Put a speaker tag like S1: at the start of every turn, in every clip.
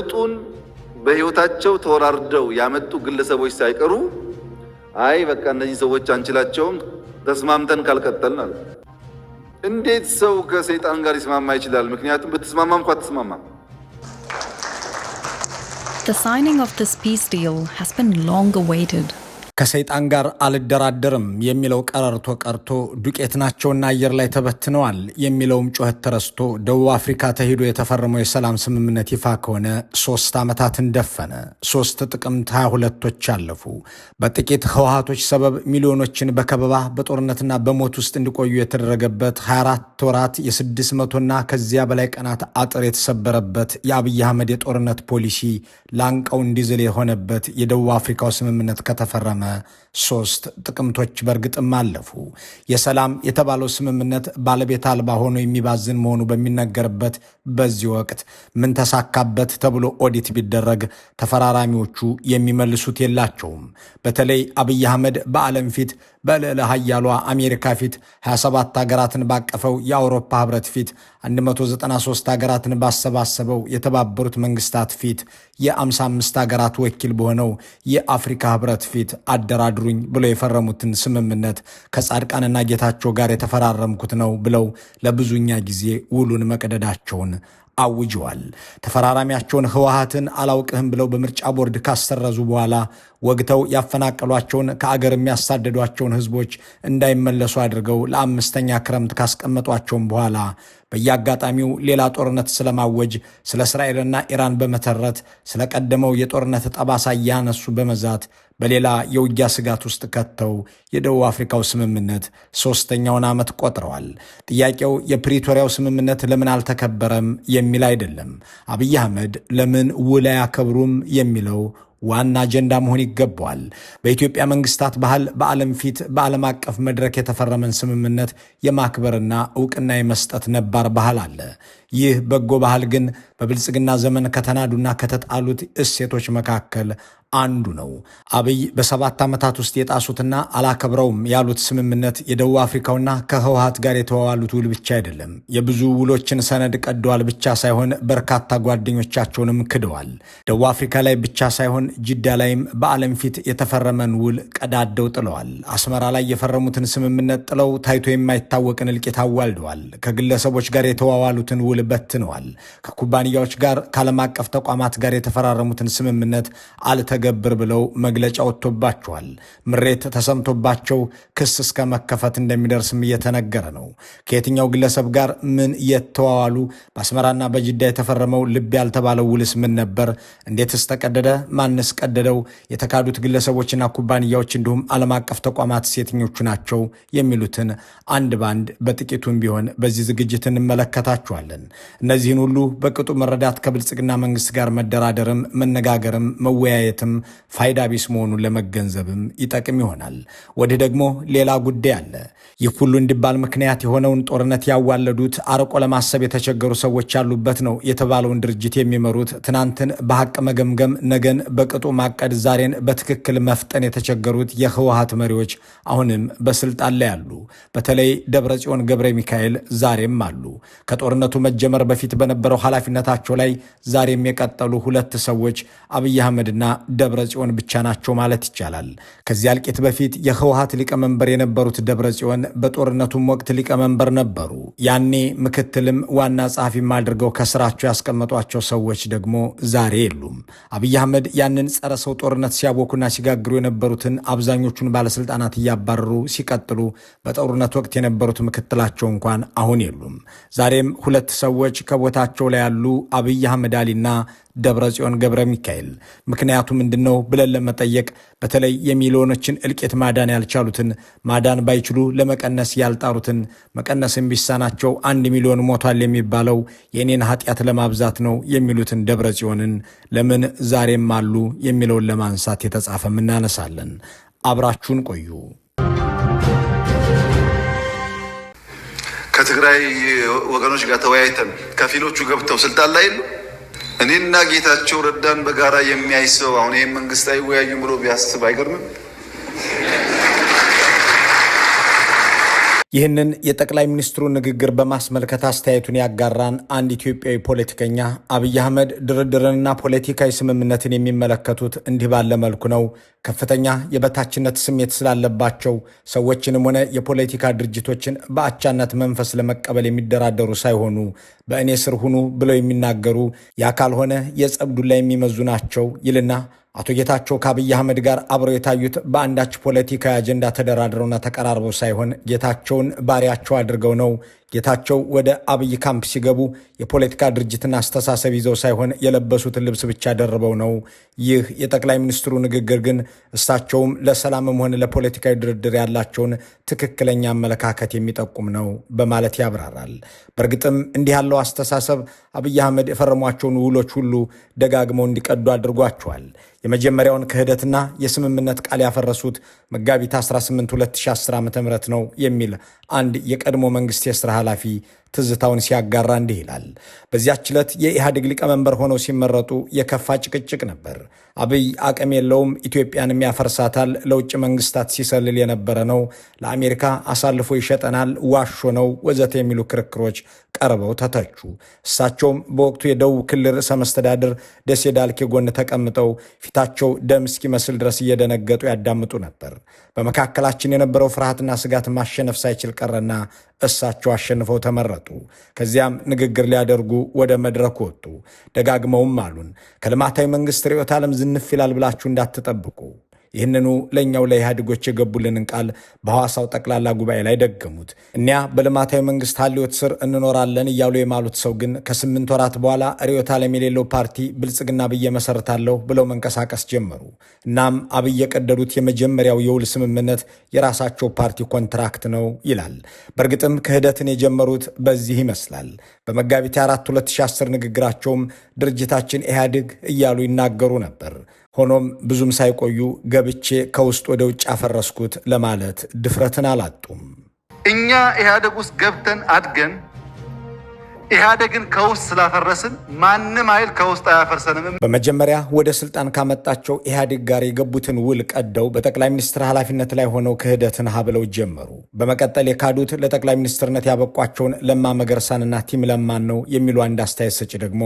S1: ለውጡን በህይወታቸው ተወራርደው ያመጡ ግለሰቦች ሳይቀሩ አይ በቃ እነዚህ ሰዎች አንችላቸውም ተስማምተን ካልቀጠልን አለ። እንዴት ሰው ከሰይጣን ጋር ሊስማማ ይችላል? ምክንያቱም ብትስማማ እንኳ ትስማማ
S2: The signing of this peace deal has been long awaited.
S1: ከሰይጣን ጋር አልደራደርም የሚለው ቀረርቶ ቀርቶ ዱቄት ናቸውና አየር ላይ ተበትነዋል የሚለውም ጩኸት ተረስቶ ደቡብ አፍሪካ ተሂዶ የተፈረመው የሰላም ስምምነት ይፋ ከሆነ ሶስት ዓመታትን ደፈነ። ሶስት ጥቅምት 22ቶች አለፉ። በጥቂት ህወሀቶች ሰበብ ሚሊዮኖችን በከበባ በጦርነትና በሞት ውስጥ እንዲቆዩ የተደረገበት 24 ወራት የስድስት መቶና ከዚያ በላይ ቀናት አጥር የተሰበረበት የአብይ አህመድ የጦርነት ፖሊሲ ላንቀው እንዲዝል የሆነበት የደቡብ አፍሪካው ስምምነት ከተፈረመ ሶስት ጥቅምቶች በእርግጥም አለፉ። የሰላም የተባለው ስምምነት ባለቤት አልባ ሆኖ የሚባዝን መሆኑ በሚነገርበት በዚህ ወቅት ምን ተሳካበት ተብሎ ኦዲት ቢደረግ ተፈራራሚዎቹ የሚመልሱት የላቸውም። በተለይ አብይ አህመድ በዓለም ፊት በልዕለ ሀያሏ አሜሪካ ፊት 27 ሀገራትን ባቀፈው የአውሮፓ ህብረት ፊት 193 ሀገራትን ባሰባሰበው የተባበሩት መንግስታት ፊት የ55 ሀገራት ወኪል በሆነው የአፍሪካ ህብረት ፊት አደራድሩኝ ብለው የፈረሙትን ስምምነት ከጻድቃንና ጌታቸው ጋር የተፈራረምኩት ነው ብለው ለብዙኛ ጊዜ ውሉን መቅደዳቸውን አውጀዋል። ተፈራራሚያቸውን ህወሓትን አላውቅህም ብለው በምርጫ ቦርድ ካሰረዙ በኋላ ወግተው ያፈናቀሏቸውን ከአገር የሚያሳደዷቸውን ህዝቦች እንዳይመለሱ አድርገው ለአምስተኛ ክረምት ካስቀመጧቸውም በኋላ በየአጋጣሚው ሌላ ጦርነት ስለማወጅ ስለ እስራኤልና ኢራን በመተረት ስለቀደመው የጦርነት ጠባሳ እያነሱ በመዛት በሌላ የውጊያ ስጋት ውስጥ ከተው የደቡብ አፍሪካው ስምምነት ሶስተኛውን ዓመት ቆጥረዋል። ጥያቄው የፕሪቶሪያው ስምምነት ለምን አልተከበረም የሚል አይደለም። አብይ አህመድ ለምን ውል አያከብሩም የሚለው ዋና አጀንዳ መሆን ይገባዋል። በኢትዮጵያ መንግስታት ባህል በዓለም ፊት በዓለም አቀፍ መድረክ የተፈረመን ስምምነት የማክበርና እውቅና የመስጠት ነባር ባህል አለ። ይህ በጎ ባህል ግን በብልጽግና ዘመን ከተናዱና ከተጣሉት እሴቶች መካከል አንዱ ነው። አብይ በሰባት ዓመታት ውስጥ የጣሱትና አላከብረውም ያሉት ስምምነት የደቡብ አፍሪካውና ከህወሀት ጋር የተዋዋሉት ውል ብቻ አይደለም። የብዙ ውሎችን ሰነድ ቀደዋል ብቻ ሳይሆን በርካታ ጓደኞቻቸውንም ክደዋል። ደቡብ አፍሪካ ላይ ብቻ ሳይሆን ጅዳ ላይም በዓለም ፊት የተፈረመን ውል ቀዳደው ጥለዋል። አስመራ ላይ የፈረሙትን ስምምነት ጥለው ታይቶ የማይታወቅን እልቂት አዋልደዋል። ከግለሰቦች ጋር የተዋዋሉትን ውል በትነዋል። ከኩባንያዎች ጋር ከዓለም አቀፍ ተቋማት ጋር የተፈራረሙትን ስምምነት አልተ ተገብር ብለው መግለጫ ወጥቶባቸዋል። ምሬት ተሰምቶባቸው ክስ እስከ መከፈት እንደሚደርስም እየተነገረ ነው። ከየትኛው ግለሰብ ጋር ምን የተዋዋሉ? በአስመራና በጅዳ የተፈረመው ልብ ያልተባለው ውልስ ምን ነበር? እንዴትስ ተቀደደ? ማንስ ቀደደው? የተካዱት ግለሰቦችና ኩባንያዎች እንዲሁም ዓለም አቀፍ ተቋማት የትኞቹ ናቸው? የሚሉትን አንድ ባንድ በጥቂቱም ቢሆን በዚህ ዝግጅት እንመለከታቸዋለን። እነዚህን ሁሉ በቅጡ መረዳት ከብልጽግና መንግስት ጋር መደራደርም መነጋገርም መወያየትም ለመጠቀም ፋይዳ ቢስ መሆኑን ለመገንዘብም ይጠቅም ይሆናል። ወዲህ ደግሞ ሌላ ጉዳይ አለ። ይህ ሁሉ እንዲባል ምክንያት የሆነውን ጦርነት ያዋለዱት አርቆ ለማሰብ የተቸገሩ ሰዎች ያሉበት ነው የተባለውን ድርጅት የሚመሩት ትናንትን በሐቅ መገምገም፣ ነገን በቅጡ ማቀድ፣ ዛሬን በትክክል መፍጠን የተቸገሩት የህወሀት መሪዎች አሁንም በስልጣን ላይ አሉ። በተለይ ደብረጽዮን ገብረ ሚካኤል ዛሬም አሉ። ከጦርነቱ መጀመር በፊት በነበረው ኃላፊነታቸው ላይ ዛሬም የቀጠሉ ሁለት ሰዎች አብይ አህመድና ደብረ ጽዮን ብቻ ናቸው ማለት ይቻላል። ከዚያ እልቂት በፊት የህወሀት ሊቀመንበር የነበሩት ደብረ ጽዮን በጦርነቱም ወቅት ሊቀመንበር ነበሩ። ያኔ ምክትልም ዋና ጸሐፊም አድርገው ከስራቸው ያስቀመጧቸው ሰዎች ደግሞ ዛሬ የሉም። አብይ አህመድ ያንን ጸረ ሰው ጦርነት ሲያቦኩና ሲጋግሩ የነበሩትን አብዛኞቹን ባለስልጣናት እያባረሩ ሲቀጥሉ በጦርነት ወቅት የነበሩት ምክትላቸው እንኳን አሁን የሉም። ዛሬም ሁለት ሰዎች ከቦታቸው ላይ ያሉ አብይ አህመድ አሊና ደብረ ጽዮን ገብረ ሚካኤል ምክንያቱ ምንድን ነው ብለን ለመጠየቅ በተለይ የሚሊዮኖችን እልቂት ማዳን ያልቻሉትን ማዳን ባይችሉ ለመቀነስ ያልጣሩትን መቀነስን ቢሳናቸው አንድ ሚሊዮን ሞቷል የሚባለው የእኔን ኃጢአት ለማብዛት ነው የሚሉትን ደብረ ጽዮንን ለምን ዛሬም አሉ የሚለውን ለማንሳት የተጻፈም እናነሳለን። አብራችሁን ቆዩ። ከትግራይ ወገኖች ጋር ተወያይተን ከፊሎቹ ገብተው ስልጣን ላይ እኔና ጌታቸው ረዳን በጋራ የሚያይ ሰው አሁን ይህም መንግስት አይወያዩም ብሎ ቢያስብ አይገርምም። ይህንን የጠቅላይ ሚኒስትሩ ንግግር በማስመልከት አስተያየቱን ያጋራን አንድ ኢትዮጵያዊ ፖለቲከኛ አብይ አህመድ ድርድርንና ፖለቲካዊ ስምምነትን የሚመለከቱት እንዲህ ባለ መልኩ ነው። ከፍተኛ የበታችነት ስሜት ስላለባቸው ሰዎችንም ሆነ የፖለቲካ ድርጅቶችን በአቻነት መንፈስ ለመቀበል የሚደራደሩ ሳይሆኑ በእኔ ስር ሁኑ ብለው የሚናገሩ ያ ካልሆነ የጸብ ዱላ የሚመዙ ናቸው ይልና አቶ ጌታቸው ከአብይ አህመድ ጋር አብረው የታዩት በአንዳች ፖለቲካዊ አጀንዳ ተደራድረውና ተቀራርበው ሳይሆን ጌታቸውን ባሪያቸው አድርገው ነው ጌታቸው ወደ አብይ ካምፕ ሲገቡ የፖለቲካ ድርጅትና አስተሳሰብ ይዘው ሳይሆን የለበሱትን ልብስ ብቻ ደርበው ነው። ይህ የጠቅላይ ሚኒስትሩ ንግግር ግን እሳቸውም ለሰላምም ሆነ ለፖለቲካዊ ድርድር ያላቸውን ትክክለኛ አመለካከት የሚጠቁም ነው በማለት ያብራራል። በእርግጥም እንዲህ ያለው አስተሳሰብ አብይ አህመድ የፈረሟቸውን ውሎች ሁሉ ደጋግመው እንዲቀዱ አድርጓቸዋል። የመጀመሪያውን ክህደትና የስምምነት ቃል ያፈረሱት መጋቢት 18 2010 ዓ ም ነው የሚል አንድ የቀድሞ መንግስት የስራ caalaa ትዝታውን ሲያጋራ እንዲህ ይላል። በዚያች ዕለት የኢህአዴግ ሊቀመንበር ሆነው ሲመረጡ የከፋ ጭቅጭቅ ነበር። አብይ አቅም የለውም፣ ኢትዮጵያንም ያፈርሳታል፣ ለውጭ መንግስታት ሲሰልል የነበረ ነው፣ ለአሜሪካ አሳልፎ ይሸጠናል፣ ዋሾ ነው፣ ወዘተ የሚሉ ክርክሮች ቀርበው ተተቹ። እሳቸውም በወቅቱ የደቡብ ክልል ርዕሰ መስተዳድር ደሴ ዳልኬ ጎን ተቀምጠው ፊታቸው ደም እስኪመስል ድረስ እየደነገጡ ያዳምጡ ነበር። በመካከላችን የነበረው ፍርሃትና ስጋት ማሸነፍ ሳይችል ቀረና እሳቸው አሸንፈው ተመረጡ። መረጡ። ከዚያም ንግግር ሊያደርጉ ወደ መድረክ ወጡ። ደጋግመውም አሉን፣ ከልማታዊ መንግሥት ርዕዮተ ዓለም ዝንፍ ይላል ብላችሁ እንዳትጠብቁ ይህንኑ ለእኛው ለኢህአዴጎች የገቡልንን ቃል በሐዋሳው ጠቅላላ ጉባኤ ላይ ደገሙት። እኒያ በልማታዊ መንግስት ሀልዮት ስር እንኖራለን እያሉ የማሉት ሰው ግን ከስምንት ወራት በኋላ ርዕዮተ ዓለም የሌለው ፓርቲ ብልጽግና ብዬ መሰረታለሁ ብለው መንቀሳቀስ ጀመሩ። እናም አብይ የቀደዱት የመጀመሪያው የውል ስምምነት የራሳቸው ፓርቲ ኮንትራክት ነው ይላል። በእርግጥም ክህደትን የጀመሩት በዚህ ይመስላል። በመጋቢት 4 2010 ንግግራቸውም ድርጅታችን ኢህአዴግ እያሉ ይናገሩ ነበር። ሆኖም ብዙም ሳይቆዩ ገብቼ ከውስጥ ወደ ውጭ አፈረስኩት ለማለት ድፍረትን አላጡም። እኛ ኢህአደግ ውስጥ ገብተን አድገን ኢህአዴግን ከውስጥ ስላፈረስን ማንም ኃይል ከውስጥ አያፈርሰንም። በመጀመሪያ ወደ ስልጣን ካመጣቸው ኢህአዴግ ጋር የገቡትን ውል ቀደው በጠቅላይ ሚኒስትር ኃላፊነት ላይ ሆነው ክህደትን ሀብለው ጀመሩ። በመቀጠል የካዱት ለጠቅላይ ሚኒስትርነት ያበቋቸውን ለማ መገርሳንና ቲም ለማን ነው የሚሉ አንድ አስተያየት ሰጪ ደግሞ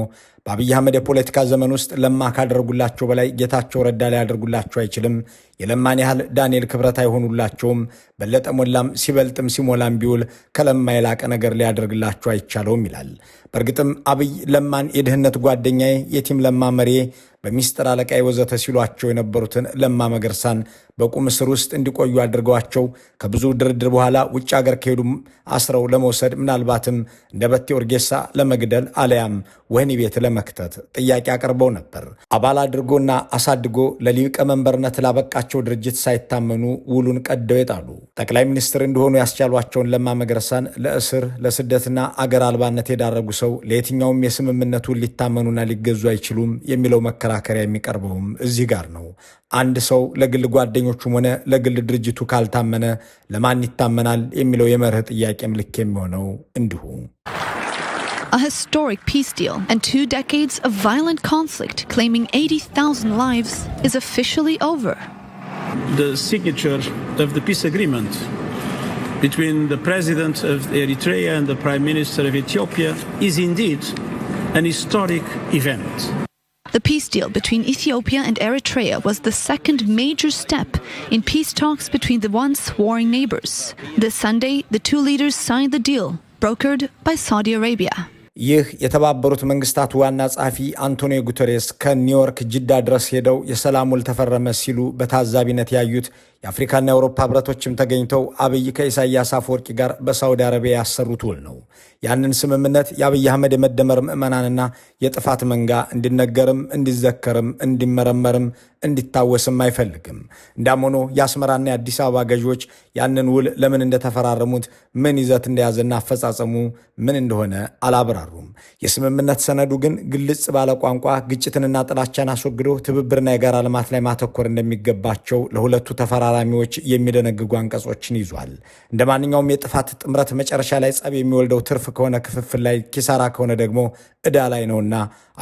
S1: በአብይ አህመድ የፖለቲካ ዘመን ውስጥ ለማ ካደረጉላቸው በላይ ጌታቸው ረዳ ሊያደርጉላቸው አይችልም። የለማን ያህል ዳንኤል ክብረት አይሆኑላቸውም። በለጠ ሞላም ሲበልጥም ሲሞላም ቢውል ከለማ የላቀ ነገር ሊያደርግላቸው አይቻለውም ይላል። በእርግጥም አብይ ለማን የድህነት ጓደኛዬ፣ የቲም ለማ መሪዬ በሚስጥር አለቃ የወዘተ ሲሏቸው የነበሩትን ለማ መገርሳን በቁም እስር ውስጥ እንዲቆዩ አድርገዋቸው ከብዙ ድርድር በኋላ ውጭ ሀገር ከሄዱም አስረው ለመውሰድ ምናልባትም እንደ በቴ ኦርጌሳ ለመግደል አለያም ወህኒ ቤት ለመክተት ጥያቄ አቅርበው ነበር። አባል አድርጎና አሳድጎ ለሊቀመንበርነት ላበቃቸው ድርጅት ሳይታመኑ ውሉን ቀደው የጣሉ ጠቅላይ ሚኒስትር እንደሆኑ ያስቻሏቸውን ለማ መገርሳን ለእስር ለስደትና አገር አልባነት የዳረጉ ሰው ለየትኛውም የስምምነቱን ሊታመኑና ሊገዙ አይችሉም የሚለው መከራ የሚቀርበውም እዚህ ጋር ነው። አንድ ሰው ለግል ጓደኞቹም ሆነ ለግል ድርጅቱ ካልታመነ ለማን ይታመናል የሚለው የመርህ ጥያቄም ልክ የሚሆነው እንዲሁ።
S2: A historic peace deal and two decades of violent conflict claiming 80,000 lives is officially over.
S3: The signature of the peace agreement between the president of Eritrea and the prime minister of Ethiopia is indeed an historic event.
S2: The peace deal between Ethiopia and Eritrea was the second major step in peace talks between the once warring neighbors. This Sunday, the two leaders signed the deal, brokered by Saudi Arabia.
S1: ይህ የተባበሩት መንግስታት ዋና ጸሐፊ አንቶኒዮ ጉተሬስ ከኒውዮርክ ጅዳ ድረስ ሄደው የሰላም ውል ተፈረመ ሲሉ በታዛቢነት ያዩት የአፍሪካና የአውሮፓ ህብረቶችም ተገኝተው አብይ ከኢሳያስ አፈወርቂ ጋር በሳውዲ አረቢያ ያሰሩት ውል ነው። ያንን ስምምነት የአብይ አህመድ የመደመር ምዕመናንና የጥፋት መንጋ እንዲነገርም እንዲዘከርም እንዲመረመርም እንዲታወስም አይፈልግም። እንዳም ሆኖ የአስመራና የአዲስ አበባ ገዢዎች ያንን ውል ለምን እንደተፈራረሙት ምን ይዘት እንደያዘና አፈጻጸሙ ምን እንደሆነ አላብራሩም። የስምምነት ሰነዱ ግን ግልጽ ባለ ቋንቋ ግጭትንና ጥላቻን አስወግዶ ትብብርና የጋራ ልማት ላይ ማተኮር እንደሚገባቸው ለሁለቱ ተፈራ ተፋላሚዎች የሚደነግጉ አንቀጾችን ይዟል። እንደ ማንኛውም የጥፋት ጥምረት መጨረሻ ላይ ጸብ የሚወልደው ትርፍ ከሆነ ክፍፍል ላይ፣ ኪሳራ ከሆነ ደግሞ እዳ ላይ ነውና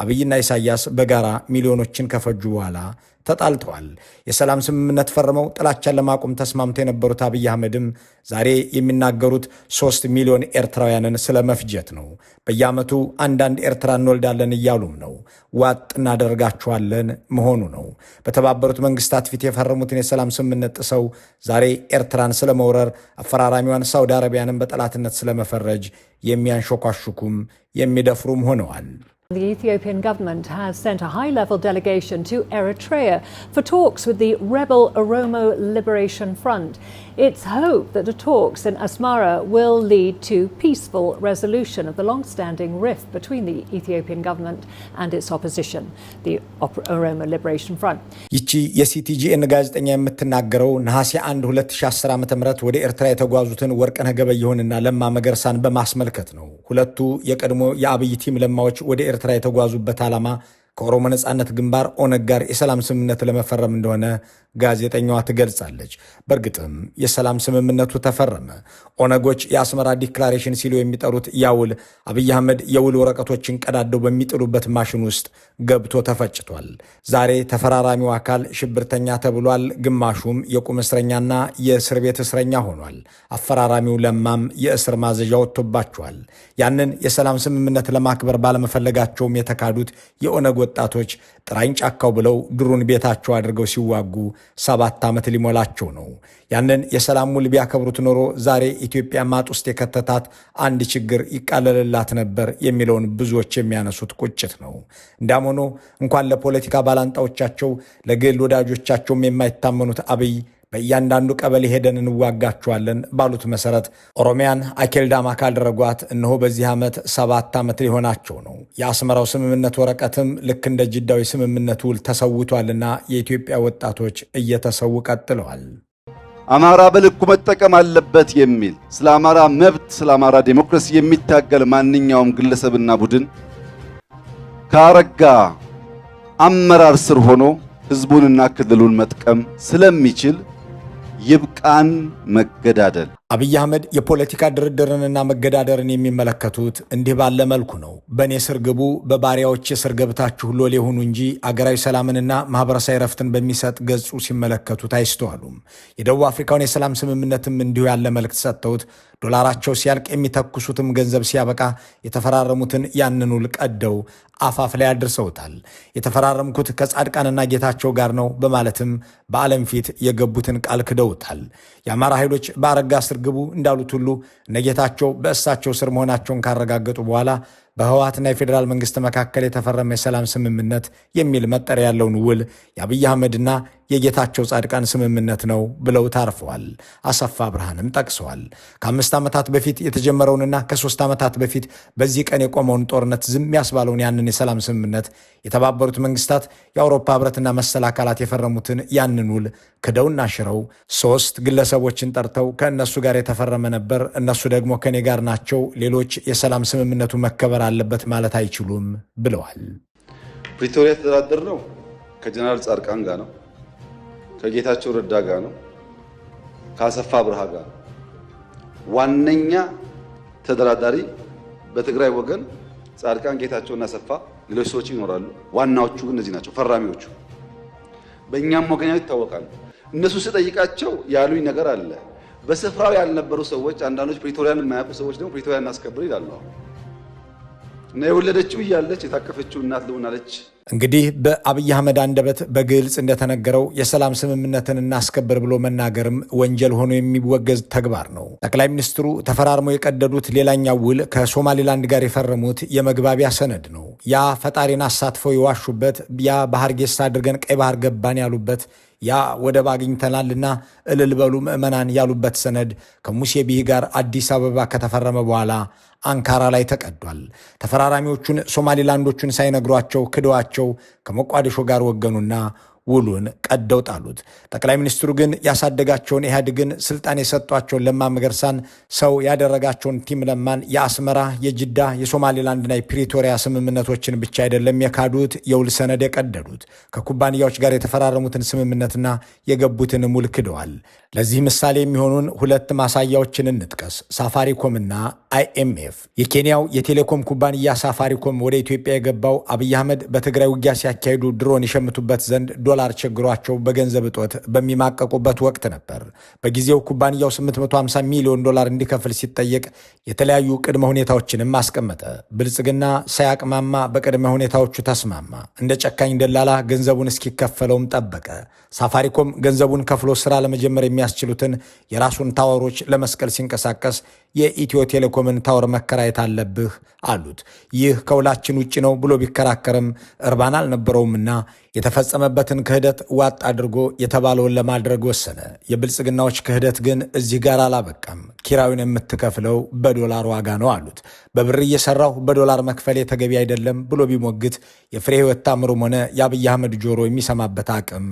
S1: አብይና ኢሳያስ በጋራ ሚሊዮኖችን ከፈጁ በኋላ ተጣልተዋል። የሰላም ስምምነት ፈርመው ጥላቻን ለማቆም ተስማምተው የነበሩት አብይ አህመድም ዛሬ የሚናገሩት ሶስት ሚሊዮን ኤርትራውያንን ስለ መፍጀት ነው። በየዓመቱ አንዳንድ ኤርትራ እንወልዳለን እያሉም ነው። ዋጥ እናደርጋችኋለን መሆኑ ነው። በተባበሩት መንግስታት ፊት የፈረሙትን የሰላም ስምምነት ጥሰው ዛሬ ኤርትራን ስለመውረር፣ አፈራራሚዋን ሳውዲ አረቢያንን በጠላትነት ስለመፈረጅ የሚያንሾኳሹኩም የሚደፍሩም ሆነዋል።
S2: The Ethiopian government has sent a high level delegation to Eritrea for talks with the rebel Oromo Liberation Front. It's hoped that the talks in Asmara will lead to peaceful resolution of the long-standing rift between the Ethiopian government and its opposition, the Oromo Liberation Front.
S1: ይቺ የሲቲጂኤን ጋዜጠኛ የምትናገረው ነሐሴ 1 2010 ዓ ም ወደ ኤርትራ የተጓዙትን ወርቅነህ ገበየሁንና ለማ መገርሳን በማስመልከት ነው። ሁለቱ የቀድሞ የአብይ ቲም ለማዎች ወደ ኤርትራ የተጓዙበት ዓላማ ከኦሮሞ ነጻነት ግንባር ኦነግ ጋር የሰላም ስምምነት ለመፈረም እንደሆነ ጋዜጠኛዋ ትገልጻለች። በእርግጥም የሰላም ስምምነቱ ተፈረመ። ኦነጎች የአስመራ ዲክላሬሽን ሲሉ የሚጠሩት ያውል አብይ አህመድ የውል ወረቀቶችን ቀዳደው በሚጥሉበት ማሽን ውስጥ ገብቶ ተፈጭቷል። ዛሬ ተፈራራሚው አካል ሽብርተኛ ተብሏል። ግማሹም የቁም እስረኛና የእስር ቤት እስረኛ ሆኗል። አፈራራሚው ለማም የእስር ማዘዣ ወጥቶባቸዋል። ያንን የሰላም ስምምነት ለማክበር ባለመፈለጋቸውም የተካዱት የኦነጎ ወጣቶች ጥራኝ ጫካው ብለው ድሩን ቤታቸው አድርገው ሲዋጉ ሰባት ዓመት ሊሞላቸው ነው። ያንን የሰላም ውል ቢያከብሩት ኖሮ ዛሬ ኢትዮጵያ ማጥ ውስጥ የከተታት አንድ ችግር ይቃለልላት ነበር የሚለውን ብዙዎች የሚያነሱት ቁጭት ነው። እንዳም ሆኖ እንኳን ለፖለቲካ ባላንጣዎቻቸው ለግል ወዳጆቻቸውም የማይታመኑት አብይ በእያንዳንዱ ቀበሌ ሄደን እንዋጋቸዋለን ባሉት መሰረት ኦሮሚያን አኬልዳማ ካደረጓት እነሆ በዚህ ዓመት ሰባት ዓመት ሊሆናቸው ነው። የአስመራው ስምምነት ወረቀትም ልክ እንደ ጅዳዊ ስምምነት ውል ተሰውቷልና የኢትዮጵያ ወጣቶች እየተሰው ቀጥለዋል። አማራ በልኩ መጠቀም አለበት የሚል ስለ አማራ መብት፣ ስለ አማራ ዴሞክራሲ የሚታገል ማንኛውም ግለሰብና ቡድን ካረጋ አመራር ስር ሆኖ ህዝቡንና ክልሉን መጥቀም ስለሚችል ይብቃን መገዳደል። አብይ አህመድ የፖለቲካ ድርድርንና መገዳደርን የሚመለከቱት እንዲህ ባለ መልኩ ነው። በእኔ ስር ግቡ፣ በባሪያዎች ስር ገብታችሁ ሎሌ የሆኑ እንጂ አገራዊ ሰላምንና ማህበረሳዊ ረፍትን በሚሰጥ ገጹ ሲመለከቱት አይስተዋሉም። የደቡብ አፍሪካውን የሰላም ስምምነትም እንዲሁ ያለ መልእክት ሰጥተውት ዶላራቸው ሲያልቅ የሚተኩሱትም ገንዘብ ሲያበቃ የተፈራረሙትን ያንን ውል ቀደው አፋፍ ላይ አድርሰውታል። የተፈራረምኩት ከጻድቃንና ጌታቸው ጋር ነው በማለትም በዓለም ፊት የገቡትን ቃል ክደውታል። የአማራ ኃይሎች በአረጋ ስር ግቡ እንዳሉት ሁሉ እነጌታቸው በእሳቸው ስር መሆናቸውን ካረጋገጡ በኋላ በህወሓትና የፌዴራል መንግስት መካከል የተፈረመ የሰላም ስምምነት የሚል መጠሪያ ያለውን ውል የአብይ አህመድና የጌታቸው ጻድቃን ስምምነት ነው ብለው ታርፈዋል። አሰፋ ብርሃንም ጠቅሰዋል። ከአምስት ዓመታት በፊት የተጀመረውንና ከሶስት ዓመታት በፊት በዚህ ቀን የቆመውን ጦርነት ዝም ያስባለውን ያንን የሰላም ስምምነት የተባበሩት መንግስታት፣ የአውሮፓ ህብረትና መሰል አካላት የፈረሙትን ያንን ውል ክደውና ሽረው ሶስት ግለሰቦችን ጠርተው ከእነሱ ጋር የተፈረመ ነበር፣ እነሱ ደግሞ ከእኔ ጋር ናቸው፣ ሌሎች የሰላም ስምምነቱ መከበር አለበት ማለት አይችሉም ብለዋል። ፕሪቶሪያ የተደራደር ነው ከጀነራል ጻድቃን ጋር ነው ከጌታቸው ረዳ ጋር ነው፣ ከአሰፋ ብርሃ ጋር ነው። ዋነኛ ተደራዳሪ በትግራይ ወገን ጻድቃን ጌታቸውና አሰፋ፣ ሌሎች ሰዎች ይኖራሉ። ዋናዎቹ እነዚህ ናቸው፣ ፈራሚዎቹ። በእኛም ወገን ይታወቃሉ። እነሱ ስጠይቃቸው ያሉኝ ነገር አለ። በስፍራው ያልነበሩ ሰዎች፣ አንዳንዶች ፕሪቶሪያን የማያውቁ ሰዎች ደግሞ ፕሪቶሪያን እናስከብር ይላሉ። እና የወለደችው እያለች የታቀፈችው እናት አለች። እንግዲህ በአብይ አህመድ አንደበት በግልጽ እንደተነገረው የሰላም ስምምነትን እናስከብር ብሎ መናገርም ወንጀል ሆኖ የሚወገዝ ተግባር ነው። ጠቅላይ ሚኒስትሩ ተፈራርመው የቀደዱት ሌላኛው ውል ከሶማሌላንድ ጋር የፈረሙት የመግባቢያ ሰነድ ነው። ያ ፈጣሪን አሳትፈው የዋሹበት፣ ያ ባህር ጌሳ አድርገን ቀይ ባህር ገባን ያሉበት ያ ወደብ አግኝተናልና እልል በሉ ምዕመናን ያሉበት ሰነድ ከሙሴ ቢሂ ጋር አዲስ አበባ ከተፈረመ በኋላ አንካራ ላይ ተቀዷል። ተፈራራሚዎቹን ሶማሊላንዶቹን ሳይነግሯቸው ክደዋቸው ከሞቃዲሾ ጋር ወገኑና ውሉን ቀደው ጣሉት። ጠቅላይ ሚኒስትሩ ግን ያሳደጋቸውን ኢህአዴግን ስልጣን የሰጧቸውን ለማ መገርሳን ሰው ያደረጋቸውን ቲም ለማን የአስመራ፣ የጅዳ፣ የሶማሌላንድና የፕሪቶሪያ ስምምነቶችን ብቻ አይደለም የካዱት፣ የውል ሰነድ የቀደዱት፣ ከኩባንያዎች ጋር የተፈራረሙትን ስምምነትና የገቡትን ውል ክደዋል። ለዚህ ምሳሌ የሚሆኑን ሁለት ማሳያዎችን እንጥቀስ፣ ሳፋሪኮምና አይኤምኤፍ። የኬንያው የቴሌኮም ኩባንያ ሳፋሪኮም ወደ ኢትዮጵያ የገባው አብይ አህመድ በትግራይ ውጊያ ሲያካሂዱ ድሮን የሸምቱበት ዘንድ ዶላር ቸግሯቸው በገንዘብ እጦት በሚማቀቁበት ወቅት ነበር። በጊዜው ኩባንያው 850 ሚሊዮን ዶላር እንዲከፍል ሲጠየቅ የተለያዩ ቅድመ ሁኔታዎችንም አስቀመጠ። ብልጽግና ሳያቅማማ በቅድመ ሁኔታዎቹ ተስማማ። እንደ ጨካኝ ደላላ ገንዘቡን እስኪከፈለውም ጠበቀ። ሳፋሪኮም ገንዘቡን ከፍሎ ስራ ለመጀመር የሚያ የሚያስችሉትን የራሱን ታወሮች ለመስቀል ሲንቀሳቀስ የኢትዮ ቴሌኮምን ታወር መከራየት አለብህ አሉት። ይህ ከውላችን ውጭ ነው ብሎ ቢከራከርም እርባና አልነበረውምና የተፈጸመበትን ክህደት ዋጥ አድርጎ የተባለውን ለማድረግ ወሰነ። የብልጽግናዎች ክህደት ግን እዚህ ጋር አላበቃም። ኪራዩን የምትከፍለው በዶላር ዋጋ ነው አሉት። በብር እየሰራሁ በዶላር መክፈሌ ተገቢ አይደለም ብሎ ቢሞግት የፍሬ ህይወት ታምሩም ሆነ የአብይ አህመድ ጆሮ የሚሰማበት አቅም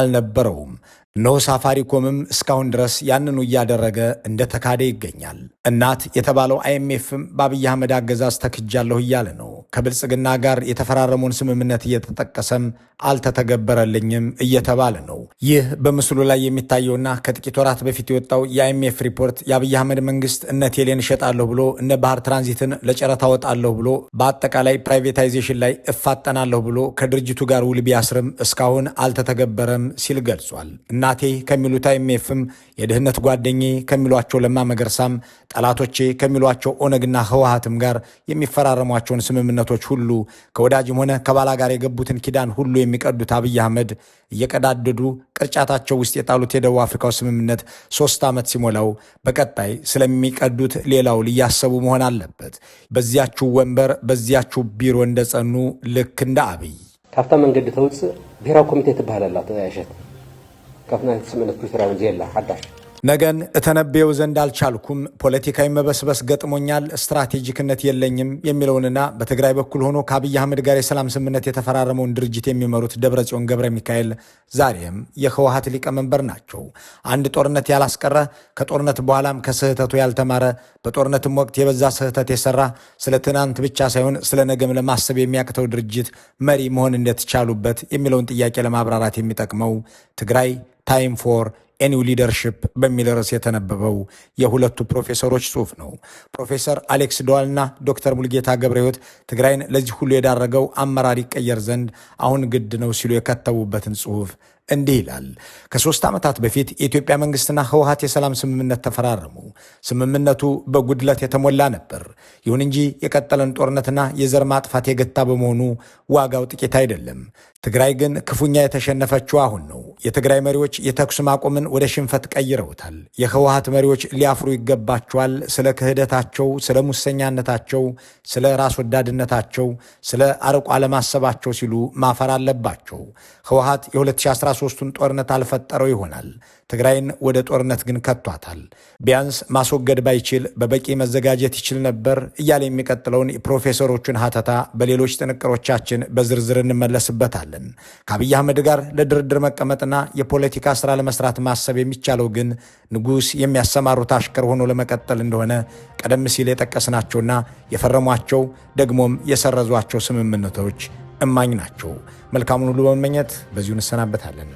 S1: አልነበረውም። እነሆ ሳፋሪኮምም እስካሁን ድረስ ያንኑ እያደረገ እንደ ተካደ ይገኛል። እናት የተባለው አይኤምኤፍም በአብይ አህመድ አገዛዝ ተክጃለሁ እያለ ነው። ከብልጽግና ጋር የተፈራረመውን ስምምነት እየተጠቀሰም አልተተገበረልኝም እየተባለ ነው። ይህ በምስሉ ላይ የሚታየውና ከጥቂት ወራት በፊት የወጣው የአይኤምኤፍ ሪፖርት የአብይ አህመድ መንግስት እነ ቴሌን እሸጣለሁ ብሎ እነ ባህር ትራንዚትን ለጨረታ ወጣለሁ ብሎ በአጠቃላይ ፕራይቬታይዜሽን ላይ እፋጠናለሁ ብሎ ከድርጅቱ ጋር ውል ቢያስርም እስካሁን አልተተገበረም ሲል ገልጿል። እናቴ ከሚሉት አይሜፍም የድህነት ጓደኜ ከሚሏቸው ለማ መገርሳም ጠላቶቼ ከሚሏቸው ኦነግና ህወሀትም ጋር የሚፈራረሟቸውን ስምምነቶች ሁሉ ከወዳጅም ሆነ ከባላ ጋር የገቡትን ኪዳን ሁሉ የሚቀዱት አብይ አህመድ እየቀዳደዱ ቅርጫታቸው ውስጥ የጣሉት የደቡብ አፍሪካው ስምምነት ሶስት ዓመት ሲሞላው በቀጣይ ስለሚቀዱት ሌላው ሊያሰቡ መሆን አለበት። በዚያችሁ ወንበር በዚያችሁ ቢሮ እንደጸኑ ልክ እንደ አብይ ካፍታ መንገድ ተውፅ ብሔራዊ ኮሚቴ ትበሃል ኣላ كافنا نتسمى الكثرة ونجيلا حداش ነገን እተነበየው ዘንድ አልቻልኩም፣ ፖለቲካዊ መበስበስ ገጥሞኛል፣ ስትራቴጂክነት የለኝም የሚለውንና በትግራይ በኩል ሆኖ ከአብይ አህመድ ጋር የሰላም ስምምነት የተፈራረመውን ድርጅት የሚመሩት ደብረጽዮን ገብረ ሚካኤል ዛሬም የህወሀት ሊቀመንበር ናቸው። አንድ ጦርነት ያላስቀረ ከጦርነት በኋላም ከስህተቱ ያልተማረ በጦርነትም ወቅት የበዛ ስህተት የሰራ ስለ ትናንት ብቻ ሳይሆን ስለ ነገም ለማሰብ የሚያቅተው ድርጅት መሪ መሆን እንደተቻሉበት የሚለውን ጥያቄ ለማብራራት የሚጠቅመው ትግራይ ታይም ፎር ኤኒው ሊደርሽፕ በሚል ርዕስ የተነበበው የሁለቱ ፕሮፌሰሮች ጽሑፍ ነው። ፕሮፌሰር አሌክስ ዶዋልና ዶክተር ሙልጌታ ገብረ ሕይወት ትግራይን ለዚህ ሁሉ የዳረገው አመራር ይቀየር ዘንድ አሁን ግድ ነው ሲሉ የከተቡበትን ጽሑፍ እንዲህ ይላል። ከሶስት ዓመታት በፊት የኢትዮጵያ መንግስትና ህወሀት የሰላም ስምምነት ተፈራረሙ። ስምምነቱ በጉድለት የተሞላ ነበር። ይሁን እንጂ የቀጠለን ጦርነትና የዘር ማጥፋት የገታ በመሆኑ ዋጋው ጥቂት አይደለም። ትግራይ ግን ክፉኛ የተሸነፈችው አሁን ነው። የትግራይ መሪዎች የተኩስ ማቆምን ወደ ሽንፈት ቀይረውታል። የህወሀት መሪዎች ሊያፍሩ ይገባቸዋል። ስለ ክህደታቸው፣ ስለ ሙሰኛነታቸው፣ ስለ ራስ ወዳድነታቸው፣ ስለ አርቆ አለማሰባቸው ሲሉ ማፈር አለባቸው። ህወሀት የ2013 ሶስቱን ጦርነት አልፈጠረው ይሆናል። ትግራይን ወደ ጦርነት ግን ከቷታል። ቢያንስ ማስወገድ ባይችል በበቂ መዘጋጀት ይችል ነበር እያለ የሚቀጥለውን የፕሮፌሰሮቹን ሀተታ በሌሎች ጥንቅሮቻችን በዝርዝር እንመለስበታለን። ከአብይ አህመድ ጋር ለድርድር መቀመጥና የፖለቲካ ስራ ለመስራት ማሰብ የሚቻለው ግን ንጉሥ የሚያሰማሩት አሽከር ሆኖ ለመቀጠል እንደሆነ ቀደም ሲል የጠቀስናቸውና የፈረሟቸው ደግሞም የሰረዟቸው ስምምነቶች እማኝ ናቸው። መልካሙን ሁሉ በመመኘት በዚሁ እንሰናበታለን።